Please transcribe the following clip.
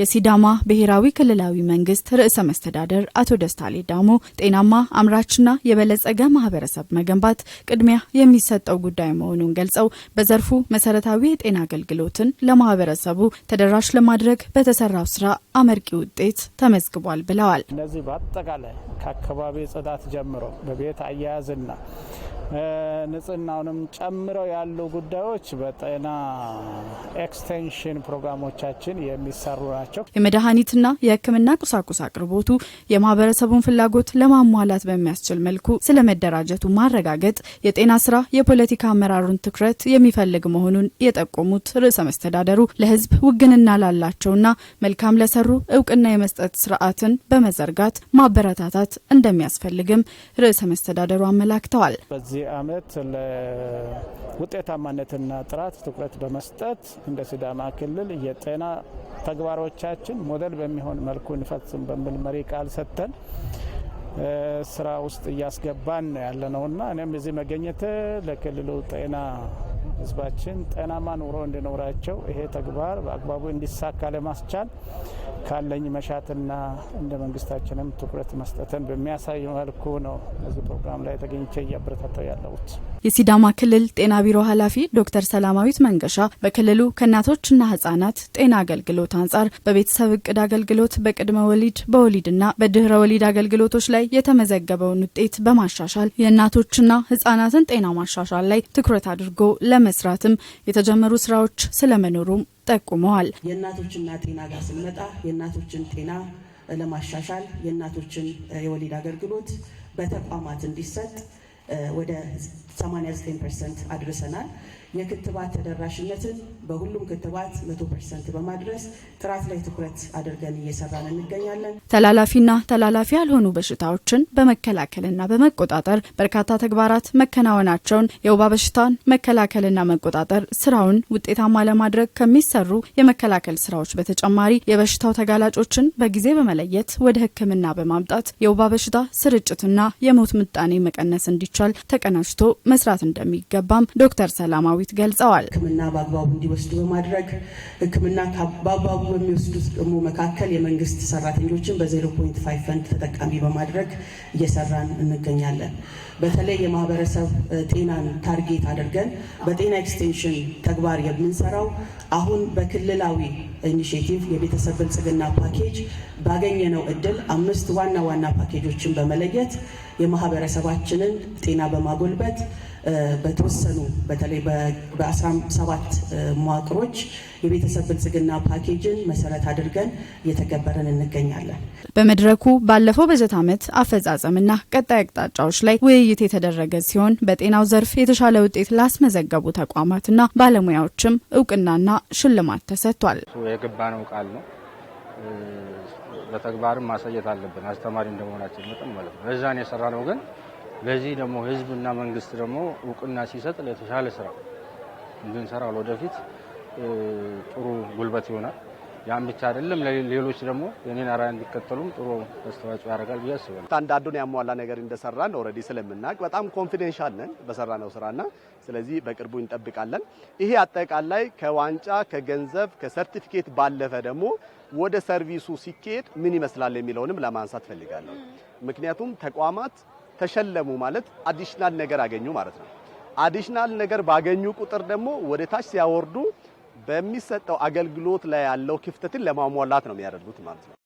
የሲዳማ ብሔራዊ ክልላዊ መንግስት ርዕሰ መስተዳደር አቶ ደስታ ሌዳሞ ጤናማ አምራችና የበለጸገ ማህበረሰብ መገንባት ቅድሚያ የሚሰጠው ጉዳይ መሆኑን ገልጸው በዘርፉ መሰረታዊ የጤና አገልግሎትን ለማህበረሰቡ ተደራሽ ለማድረግ በተሰራው ስራ አመርቂ ውጤት ተመዝግቧል ብለዋል። እነዚህ በአጠቃላይ ከአካባቢ ጽዳት ጀምሮ በቤት አያያዝና ንጽህናውንም ጨምረው ያሉ ጉዳዮች በጤና ኤክስቴንሽን ፕሮግራሞቻችን የሚሰሩ ናቸው። የመድኃኒትና የሕክምና ቁሳቁስ አቅርቦቱ የማህበረሰቡን ፍላጎት ለማሟላት በሚያስችል መልኩ ስለ መደራጀቱ ማረጋገጥ የጤና ስራ የፖለቲካ አመራሩን ትኩረት የሚፈልግ መሆኑን የጠቆሙት ርዕሰ መስተዳደሩ ለሕዝብ ውግንና ላላቸውና መልካም ለሰሩ እውቅና የመስጠት ስርዓትን በመዘርጋት ማበረታታት እንደሚያስፈልግም ርዕሰ መስተዳደሩ አመላክተዋል። በዚህ ዓመት ለውጤታማነትና ጥራት ትኩረት በመስጠት እንደ ሲዳማ ክልል የጤና ተግባሮቻችን ሞዴል በሚሆን መልኩ እንፈጽም በሚል መሪ ቃል ሰጥተን ስራ ውስጥ እያስገባን ያለነውና እኔም እዚህ መገኘት ለክልሉ ጤና ህዝባችን ጤናማ ኑሮ እንዲኖራቸው ይሄ ተግባር በአግባቡ እንዲሳካ ለማስቻል ካለኝ መሻትና እንደ መንግስታችንም ትኩረት መስጠትን በሚያሳይ መልኩ ነው እዚህ ፕሮግራም ላይ ተገኝቼ እያበረታታው ያለሁት። የሲዳማ ክልል ጤና ቢሮ ኃላፊ ዶክተር ሰላማዊት መንገሻ በክልሉ ከእናቶችና ህጻናት ጤና አገልግሎት አንጻር በቤተሰብ እቅድ አገልግሎት፣ በቅድመ ወሊድ፣ በወሊድና በድህረ ወሊድ አገልግሎቶች ላይ የተመዘገበውን ውጤት በማሻሻል የእናቶችና ህጻናትን ጤና ማሻሻል ላይ ትኩረት አድርጎ ለመስራትም የተጀመሩ ስራዎች ስለመኖሩም ጠቁመዋል። የእናቶችና ጤና ጋር ስንመጣ የእናቶችን ጤና ለማሻሻል የእናቶችን የወሊድ አገልግሎት በተቋማት እንዲሰጥ ወደ 89 ፐርሰንት አድርሰናል። የክትባት ተደራሽነትን በሁሉም ክትባት 100 ፐርሰንት በማድረስ ጥራት ላይ ትኩረት አድርገን እየሰራን እንገኛለን። ተላላፊና ተላላፊ ያልሆኑ በሽታዎችን በመከላከልና በመቆጣጠር በርካታ ተግባራት መከናወናቸውን የወባ በሽታን መከላከልና መቆጣጠር ስራውን ውጤታማ ለማድረግ ከሚሰሩ የመከላከል ስራዎች በተጨማሪ የበሽታው ተጋላጮችን በጊዜ በመለየት ወደ ሕክምና በማምጣት የወባ በሽታ ስርጭትና የሞት ምጣኔ መቀነስ እንዲችል እንዲቻል ተቀናጅቶ መስራት እንደሚገባም ዶክተር ሰላማዊት ገልጸዋል። ሕክምና በአግባቡ እንዲወስዱ በማድረግ ሕክምና በአግባቡ በሚወስዱ ደግሞ መካከል የመንግስት ሰራተኞችን በዜሮ ፖይንት ፋይቭ ፈንድ ተጠቃሚ በማድረግ እየሰራን እንገኛለን። በተለይ የማህበረሰብ ጤናን ታርጌት አድርገን በጤና ኤክስቴንሽን ተግባር የምንሰራው አሁን በክልላዊ ኢኒሽቲቭ የቤተሰብ ብልጽግና ፓኬጅ ባገኘነው እድል አምስት ዋና ዋና ፓኬጆችን በመለየት የማህበረሰባችንን ጤና በማጎልበት በተወሰኑ በተለይ በ17 መዋቅሮች የቤተሰብ ብልጽግና ፓኬጅን መሰረት አድርገን እየተገበረን እንገኛለን። በመድረኩ ባለፈው በጀት ዓመት አፈጻጸምና ቀጣይ አቅጣጫዎች ላይ ውይይት የተደረገ ሲሆን በጤናው ዘርፍ የተሻለ ውጤት ላስመዘገቡ ተቋማትና ባለሙያዎችም እውቅናና ሽልማት ተሰጥቷል። የገባነው ቃል ነው በተግባርም ማሳየት አለብን፣ አስተማሪ እንደመሆናችን መጠን ማለት ነው። ለዛን የሰራ ነው። ግን ለዚህ ደግሞ ህዝብና መንግስት ደግሞ እውቅና ሲሰጥ ለተሻለ ስራ እንድንሰራ ለወደፊት ጥሩ ጉልበት ይሆናል። ያን ብቻ አይደለም፣ ሌሎች ደግሞ የኔን አራ እንዲከተሉም ጥሩ አስተዋጽኦ ያደርጋል ብዬ አስባለሁ። አንዳንዱን ያሟላ ነገር እንደሰራን ኦልሬዲ ስለምናውቅ በጣም ኮንፊደንሻል ነን በሰራነው ስራና ስለዚህ በቅርቡ እንጠብቃለን። ይሄ አጠቃላይ ከዋንጫ ከገንዘብ ከሰርቲፊኬት ባለፈ ደግሞ ወደ ሰርቪሱ ሲኬድ ምን ይመስላል የሚለውንም ለማንሳት ፈልጋለሁ። ምክንያቱም ተቋማት ተሸለሙ ማለት አዲሽናል ነገር አገኙ ማለት ነው። አዲሽናል ነገር ባገኙ ቁጥር ደግሞ ወደ ታች ሲያወርዱ በሚሰጠው አገልግሎት ላይ ያለው ክፍተትን ለማሟላት ነው የሚያደርጉት ማለት ነው።